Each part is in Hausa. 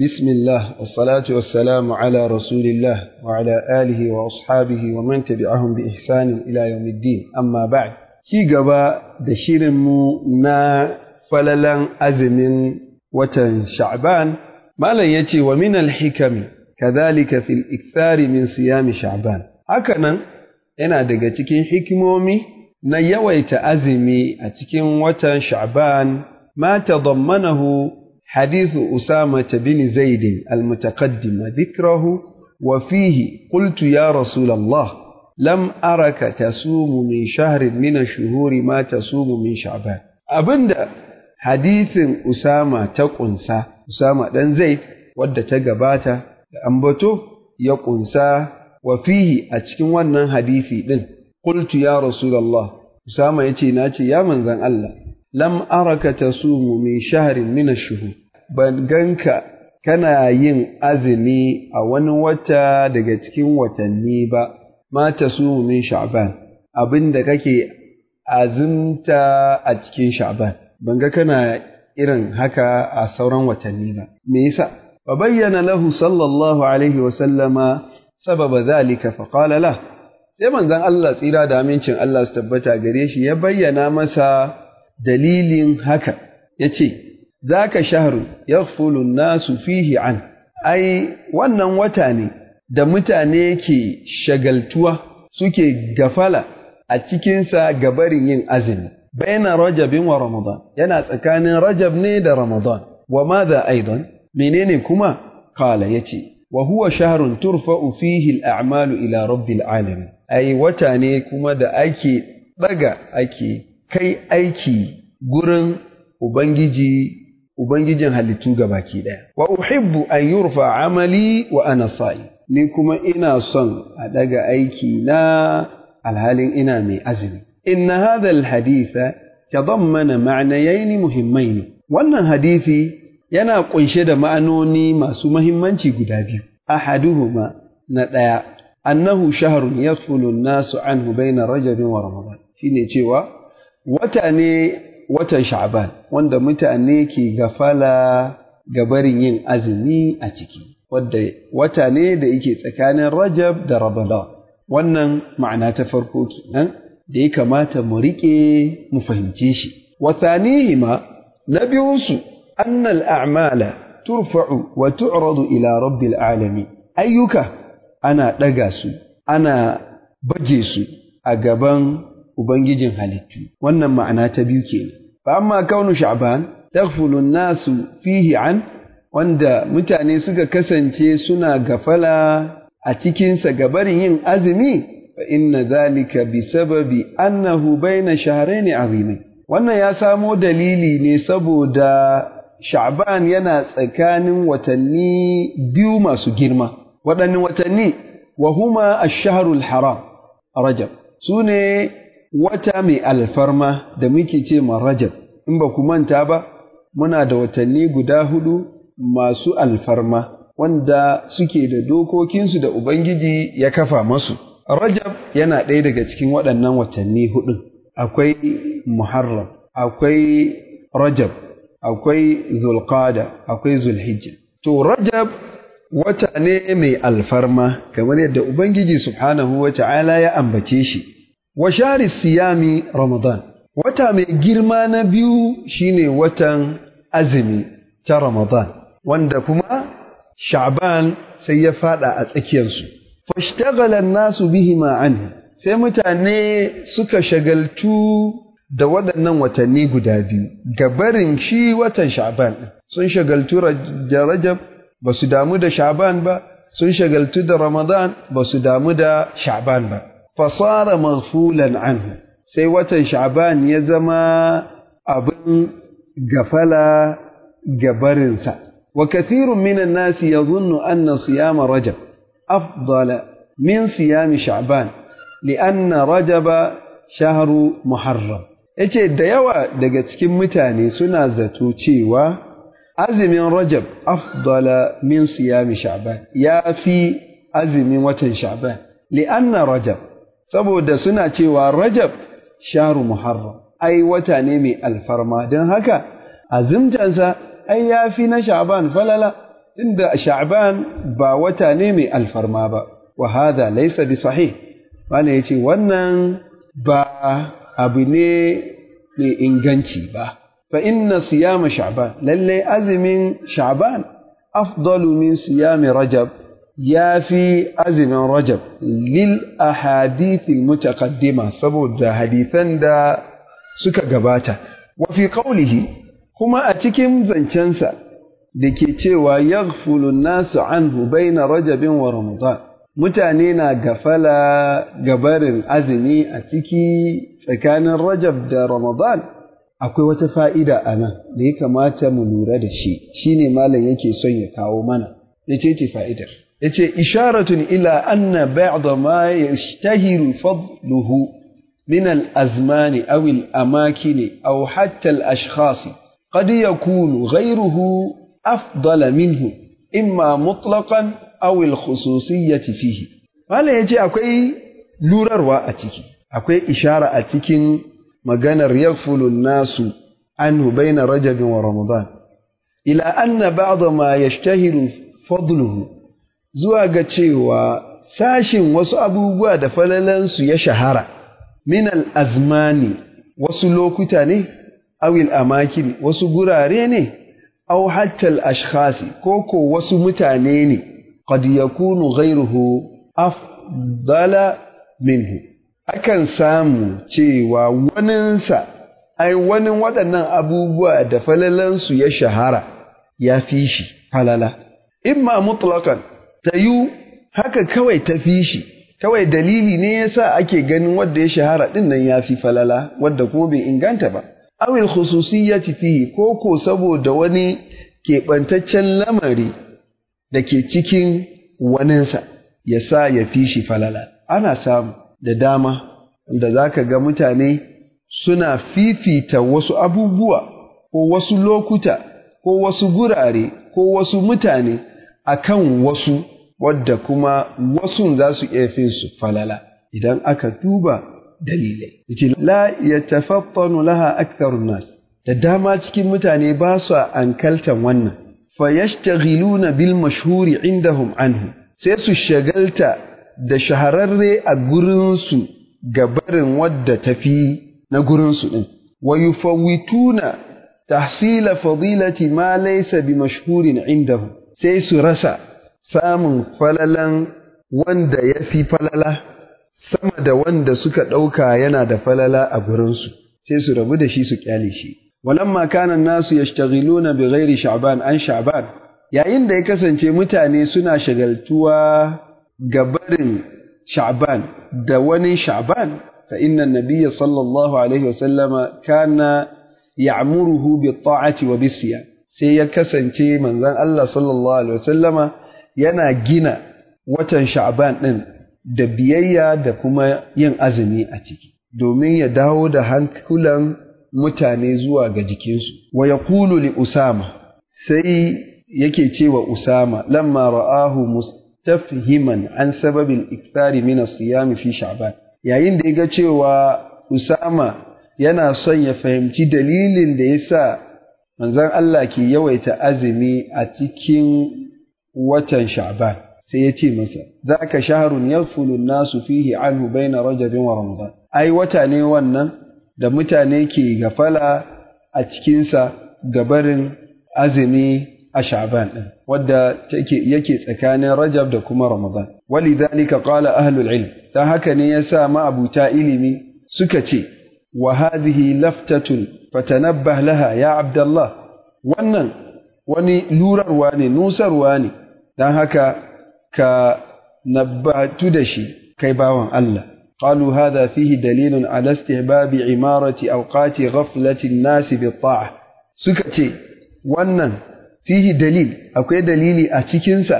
بسم الله والصلاة والسلام على رسول الله وعلى آله وأصحابه ومن تبعهم بإحسان إلى يوم الدين أما بعد ci gaba da shirin mu na falalan azumin watan sha'ban malam ya ce wa min alhikami kadhalika fil ikthari min siyami sha'ban haka nan yana daga cikin hikimomi na yawaita azumi a cikin watan sha'ban mata tadammanahu حديث أسامة بن زيد المتقدم ذكره وفيه قلت يا رسول الله لم أرك تصوم من شهر من الشهور ما تصوم من شعبان أبدا حديث أسامة تقنسا أسامة بن زيد wadda ta gabata da ambato ya ƙunsa wa fihi a cikin wannan hadisi ɗin. Qultu ya Rasulallah, Usama ya ce, Na ce, Ya manzan Allah, lam araka tasumu min shahrin min shuhu ban ganka kana yin azumi a wani wata daga cikin watanni ba ma tasumu min sha'ban abinda kake azunta a cikin sha'ban ban ga kana irin haka a sauran watanni ba me yasa wa bayyana lahu sallallahu alaihi wa sallama sababa zalika fa qala lahu sai manzon Allah tsira da amincin Allah su tabbata gare shi ya bayyana masa dalilin haka ya ce za ka shaharu ya nasu fihi an ai wannan wata ne da mutane ke shagaltuwa suke gafala a cikinsa gabarin yin azumi baina rajabin wa ramadan yana tsakanin rajab ne da ramadan wa za aidan menene kuma kala ya ce wa huwa shahrun turfa'u fihi al'amalu ila rabbil alamin ai wata ne kuma da ake daga ake kai aiki gurin Ubangiji Ubangijin halittu gabaki ɗaya. Wa uhibbu an yurfa amali wa ana sa'i, ni kuma ina son a ɗaga aiki na alhalin ina mai azumi. Inna hadha alhaditha tadammana ma'nayayn muhimmaini. Wannan hadithi yana ƙunshe da ma'anoni masu mahimmanci guda biyu. Ahaduhuma na ɗaya, annahu shahrun yasfulu nasu anhu baina rajabin wa ramadan. Shine cewa wata ne watan sha'ban wanda mutane ke gafala ga yin azumi a ciki wadda wata ne da yake tsakanin rajab da rabala wannan ma'ana ta farko kenan da ya kamata mu riƙe mu fahimce shi ma na biyunsu annal a'mala turfa'u wa tu'radu ila rabbil alami ayyuka ana ɗaga su ana baje su a gaban Ubangijin halittu, wannan ma'ana ta biyu kenan. Ba amma kaunu sha'ban, taghfulun nasu fihi an, wanda mutane suka kasance suna gafala a cikinsa gabarin yin azumi, fa inna zalika bi sababi annahu baina ne azumi Wannan ya samo dalili ne saboda Sha'ban yana tsakanin watanni biyu masu girma, waɗannan watanni, wa huma shahrul haram, Rajab, su ne wata mai alfarma da muke ce ma rajab in ba ku manta ba muna da watanni guda hudu masu alfarma wanda suke da dokokinsu da Ubangiji ya kafa masu. Rajab yana ɗaya daga cikin waɗannan watanni hudu akwai Muharram, akwai Rajab, akwai Zulqada, akwai Zulhijja. To, Rajab wata ne mai alfarma, kamar yadda Ubangiji Subhanahu wa ta'ala ya ambace shi. wa shari siyami ramadan wata mai girma na biyu shine watan azumi ta ramadan wanda kuma sha'ban sai ya fada a tsakiyarsu fashtagalan nasu bihi anhu sai mutane suka shagaltu da waɗannan watanni guda biyu gabarin shi watan sha'ban sun shagaltu da rajab ba su damu da sha'ban ba sun shagaltu da ramadan ba su damu da sha'ban ba fasara maghfulan anhu sai watan sha'ban ya zama abin gafala gabarinsa wa kathirun minan nasi yadhunnu anna siyama rajab afdala min siyami sha'ban li'anna rajaba shahru muharram yace da yawa daga cikin mutane suna zato cewa azumin rajab afdala min siyami sha'ban ya fi azumin watan sha'ban li'anna rajab saboda suna cewa rajab sharu muharram ai wata ne mai alfarma don haka azumtansa ai ya fi na sha'ban falala inda sha'ban ba wata ne mai alfarma ba wa hadha laysa bi sahih ya yace wannan ba abu ne mai inganci ba fa inna siyama sha'ban Lallai azumin sha'ban afdalu min siyami rajab ya fi azumin rajab lil ahadithil mutaqaddima saboda hadithan da suka gabata Wafi fi kuma a cikin zancensa da ke cewa yaghfulu nasu anhu baina rajabin wa ramadan mutane na gafala gabarin azumi a ciki tsakanin rajab da ramadan akwai wata fa'ida a nan da ya kamata mu lura da shi shine malam yake son ya kawo mana ya ce ce fa'idar yace isharatun ila anna ba'da ma yastahiru fadluhu min al-azmani aw al au aw hatta al-ashkhasi قد يكون غيره أفضل منه إما مطلقا أو الخصوصية فيه wala ya akwai lurarwa a ciki akwai ishara a cikin maganar yakfulun nasu anhu baina rajabin wa ramadan ila anna ba'da ma yashtahiru fadluhu zuwa ga cewa sashin wasu abubuwa da falalansu ya shahara min al-azmani, wasu lokuta ne awil amakin wasu gurare ne au hattal ashkhasi ko ko wasu mutane ne qad yakunu ghairuhu afdala minhu akan samu cewa waninsa ai wani waɗannan abubuwa da falalansu ya shahara ya fi shi falala imma mutlakan yi haka kawai ta fi shi kawai dalili ne ya yasa ake ganin wadda ya shahara ɗinnan nan fi falala wadda kuma bai inganta ba awil ci fi ko ko saboda wani keɓantaccen lamari da ke cikin waninsa ya sa ya fi shi falala ana samu da dama da za ka ga mutane suna fifita wasu abubuwa ko wasu lokuta ko wasu gurare ko wasu mutane a kan wasu wadda kuma wasu za su iya su falala idan aka duba dalilai yace la yatafattanu laha aktharun nas da dama cikin mutane ba su ankaltan wannan fa yashtaghiluna bil mashhuri indahum anhu sai su shagalta da shahararre a gurinsu ga barin wadda tafi na gurinsu ɗin, wa yufawwituna tahsila fadilati ma laysa bi mashhurin indahu sai su rasa samun falalan wanda ya fi falala sama da wanda suka ɗauka yana da falala a gurinsu sai su rabu da shi su kyale shi walamma kana nasu yashtaghiluna bighairi sha'ban an sha'ban yayin da ya kasance mutane suna shagaltuwa ga barin sha'ban da wani sha'ban fa inna Nabiya sallallahu alaihi wasallama kana ya'muruhu bi ta'ati wa Bisiya sai ya kasance manzon Allah sallallahu alaihi wasallama yana gina watan sha'ban ɗin da biyayya da kuma yin azumi a ciki domin ya dawo da hankulan mutane zuwa ga jikinsu wa ya li usama sai yake cewa usama lamma ra'ahu mustafhiman an sababin iktari min siyami fi sha'ban yayin da ya ga cewa usama yana son ya fahimci dalilin da ya sa manzon Allah ke yawaita azumi a cikin watan sha'ban sai ya ce masa zaka shahrun yadfulu nasu fihi anhu baina rajabin wa ramadan ai wata ne wannan da mutane ke gafala a cikinsa gabarin azumi a sha'ban din wadda yake tsakanin rajab da kuma ramadan walidhalika qala ahlul ilm Ta haka ne sa ma'abuta ilimi suka ce wa hadhihi laftatun fatanabbah laha ya abdallah wannan wani lurarwa ne nusarwa ne dan haka ka nabbatu da shi kai bawan Allah qalu hadha fihi dalilun ala istihbabi imarati awqati ghaflati an-nas bi-ta'ah suka ce wannan fihi dalil akwai dalili a cikin sa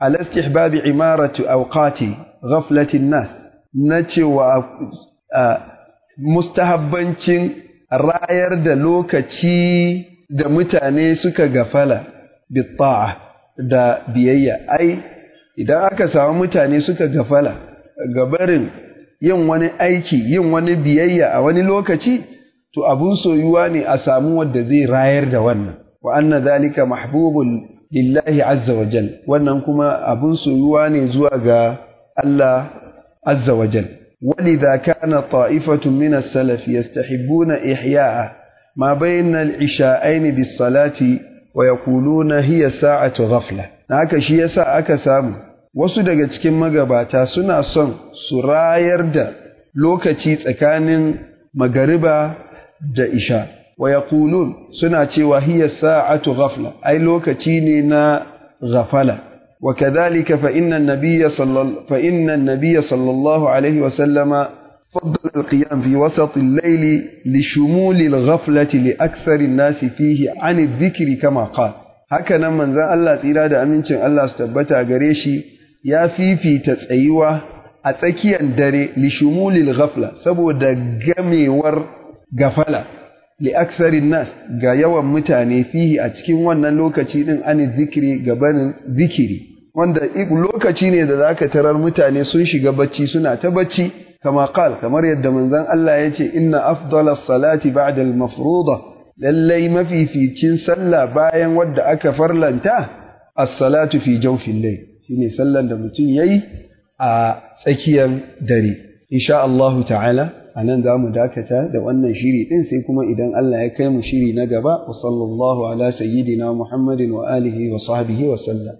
ala istihbabi imarati awqati ghaflati an-nas na cewa mustahabbancin rayar da lokaci da mutane suka gafala bi-ta'ah da biyayya ai idan aka samu mutane suka gafala gabarin yin wani aiki yin wani biyayya a wani lokaci to abun soyuwa ne a samu wadda zai rayar da wannan wa anna zalika mahbubun lillahi azza wa jal wannan kuma abun soyuwa ne zuwa ga Allah azza wa jal ولذا كان طائفة من السلف يستحبون إحياء ما بين العشاءين بالصلاة wa yaquluna hiya sa'atu ghafla haka shi yasa aka samu wasu daga cikin magabata suna son su rayar da lokaci tsakanin magariba da isha wa yaqulun suna cewa hiya sa'atu ghafla ai lokaci ne na ghafala وكذلك فإن fa صلى فإن النبي صلى alaihi wa sallama. فضل القيام في وسط الليل لشمول الغفلة لأكثر الناس فيه عن الذكر كما قال haka nan manzon Allah tsira da amincin Allah su tabbata gare shi ya fifita tsayuwa a tsakiyar dare li shumulil ghafla saboda gamewar gafala li aksarin nas ga yawan mutane fihi a cikin wannan lokaci din ani zikiri gabanin zikiri wanda lokaci ne da zaka tarar mutane sun shiga barci suna ta barci? kama kamar yadda manzon Allah ya ce inna afdala salati ba'da al-mafruḍa lallai mafificin sallah bayan wadda aka farlanta as-salatu fi jawfil layl shine sallar da mutum yayi a tsakiyar dare insha Allah ta'ala anan za mu dakata da wannan shiri din sai kuma idan Allah ya kai mu shiri na gaba wa sallallahu ala sayyidina Muhammadin wa alihi wa sahbihi wa sallam